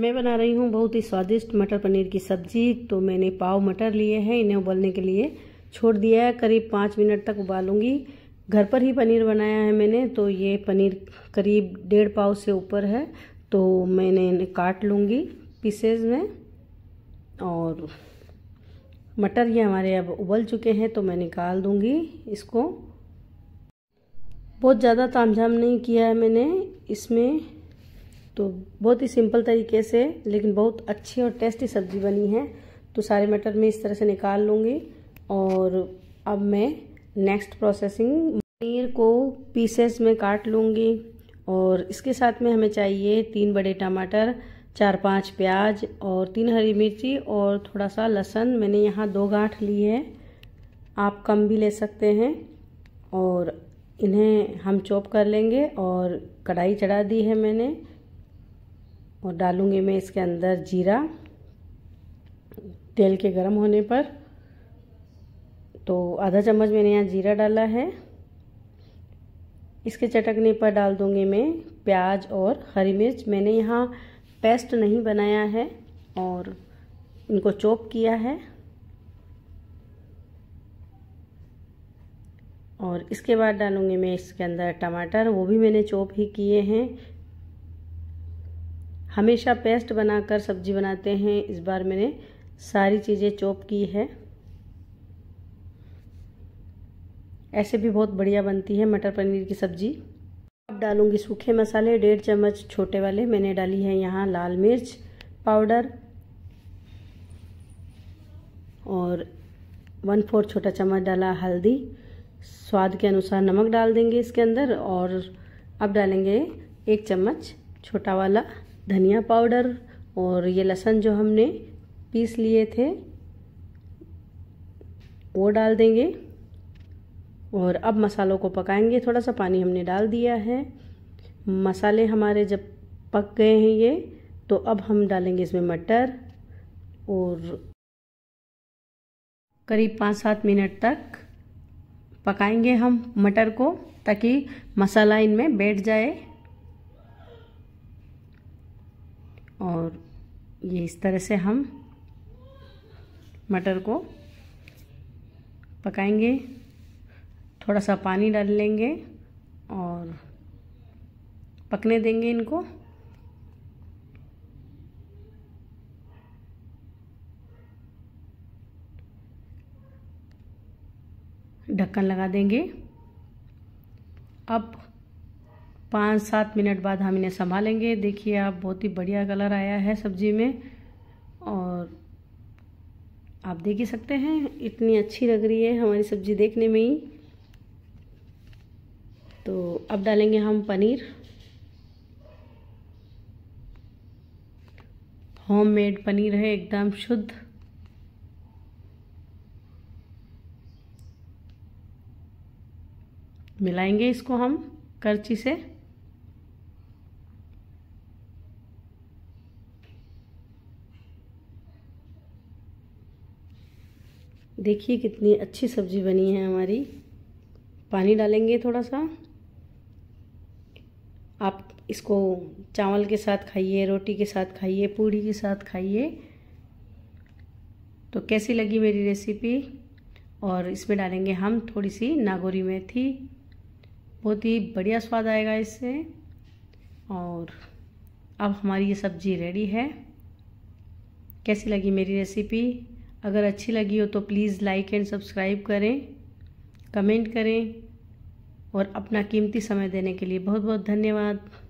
मैं बना रही हूँ बहुत ही स्वादिष्ट मटर पनीर की सब्जी तो मैंने पाव मटर लिए हैं इन्हें उबलने के लिए छोड़ दिया है करीब पाँच मिनट तक उबालूंगी घर पर ही पनीर बनाया है मैंने तो ये पनीर करीब डेढ़ पाव से ऊपर है तो मैंने इन्हें काट लूँगी पीसेज में और मटर ये हमारे अब उबल चुके हैं तो मैं निकाल दूँगी इसको बहुत ज़्यादा तामझाम नहीं किया है मैंने इसमें तो बहुत ही सिंपल तरीके से लेकिन बहुत अच्छी और टेस्टी सब्ज़ी बनी है तो सारे मटर मैं इस तरह से निकाल लूँगी और अब मैं नेक्स्ट प्रोसेसिंग पनीर को पीसेस में काट लूँगी और इसके साथ में हमें चाहिए तीन बड़े टमाटर चार पांच प्याज और तीन हरी मिर्ची और थोड़ा सा लहसन मैंने यहाँ दो गांठ ली है आप कम भी ले सकते हैं और इन्हें हम चॉप कर लेंगे और कढ़ाई चढ़ा दी है मैंने और डालूंगी मैं इसके अंदर जीरा तेल के गर्म होने पर तो आधा चम्मच मैंने यहाँ जीरा डाला है इसके चटकने पर डाल दूँगी मैं प्याज और हरी मिर्च मैंने यहाँ पेस्ट नहीं बनाया है और इनको चॉप किया है और इसके बाद डालूंगी मैं इसके अंदर टमाटर वो भी मैंने चॉप ही किए हैं हमेशा पेस्ट बनाकर सब्जी बनाते हैं इस बार मैंने सारी चीज़ें चॉप की है ऐसे भी बहुत बढ़िया बनती है मटर पनीर की सब्जी अब डालूंगी सूखे मसाले डेढ़ चम्मच छोटे वाले मैंने डाली है यहाँ लाल मिर्च पाउडर और वन फोर छोटा चम्मच डाला हल्दी स्वाद के अनुसार नमक डाल देंगे इसके अंदर और अब डालेंगे एक चम्मच छोटा वाला धनिया पाउडर और ये लहसुन जो हमने पीस लिए थे वो डाल देंगे और अब मसालों को पकाएंगे थोड़ा सा पानी हमने डाल दिया है मसाले हमारे जब पक गए हैं ये तो अब हम डालेंगे इसमें मटर और करीब पाँच सात मिनट तक पकाएंगे हम मटर को ताकि मसाला इनमें बैठ जाए और ये इस तरह से हम मटर को पकाएंगे थोड़ा सा पानी डाल लेंगे और पकने देंगे इनको ढक्कन लगा देंगे अब पाँच सात मिनट बाद हम इन्हें संभालेंगे देखिए आप बहुत ही बढ़िया कलर आया है सब्जी में और आप देख ही सकते हैं इतनी अच्छी लग रही है हमारी सब्जी देखने में ही तो अब डालेंगे हम पनीर होममेड पनीर है एकदम शुद्ध मिलाएंगे इसको हम करची से देखिए कितनी अच्छी सब्ज़ी बनी है हमारी पानी डालेंगे थोड़ा सा आप इसको चावल के साथ खाइए रोटी के साथ खाइए पूड़ी के साथ खाइए तो कैसी लगी मेरी रेसिपी और इसमें डालेंगे हम थोड़ी सी नागौरी मेथी बहुत ही बढ़िया स्वाद आएगा इससे और अब हमारी ये सब्ज़ी रेडी है कैसी लगी मेरी रेसिपी अगर अच्छी लगी हो तो प्लीज़ लाइक एंड सब्सक्राइब करें कमेंट करें और अपना कीमती समय देने के लिए बहुत बहुत धन्यवाद